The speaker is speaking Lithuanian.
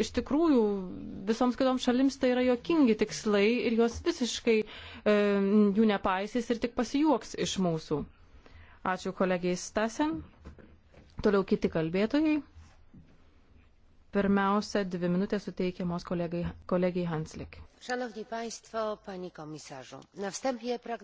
iš tikrųjų visoms kitoms šalims tai yra jokingi tikslai ir jos visiškai e, jų nepaisys ir tik pasijuoks iš mūsų. Ačiū kolegijai Stasen. Toliau kiti kalbėtojai. Pirmiausia, dvi minutės suteikiamos kolegai, kolegijai Hanslik. Szanowni Państwo, Panie Komisarzu, na wstępie pragnę.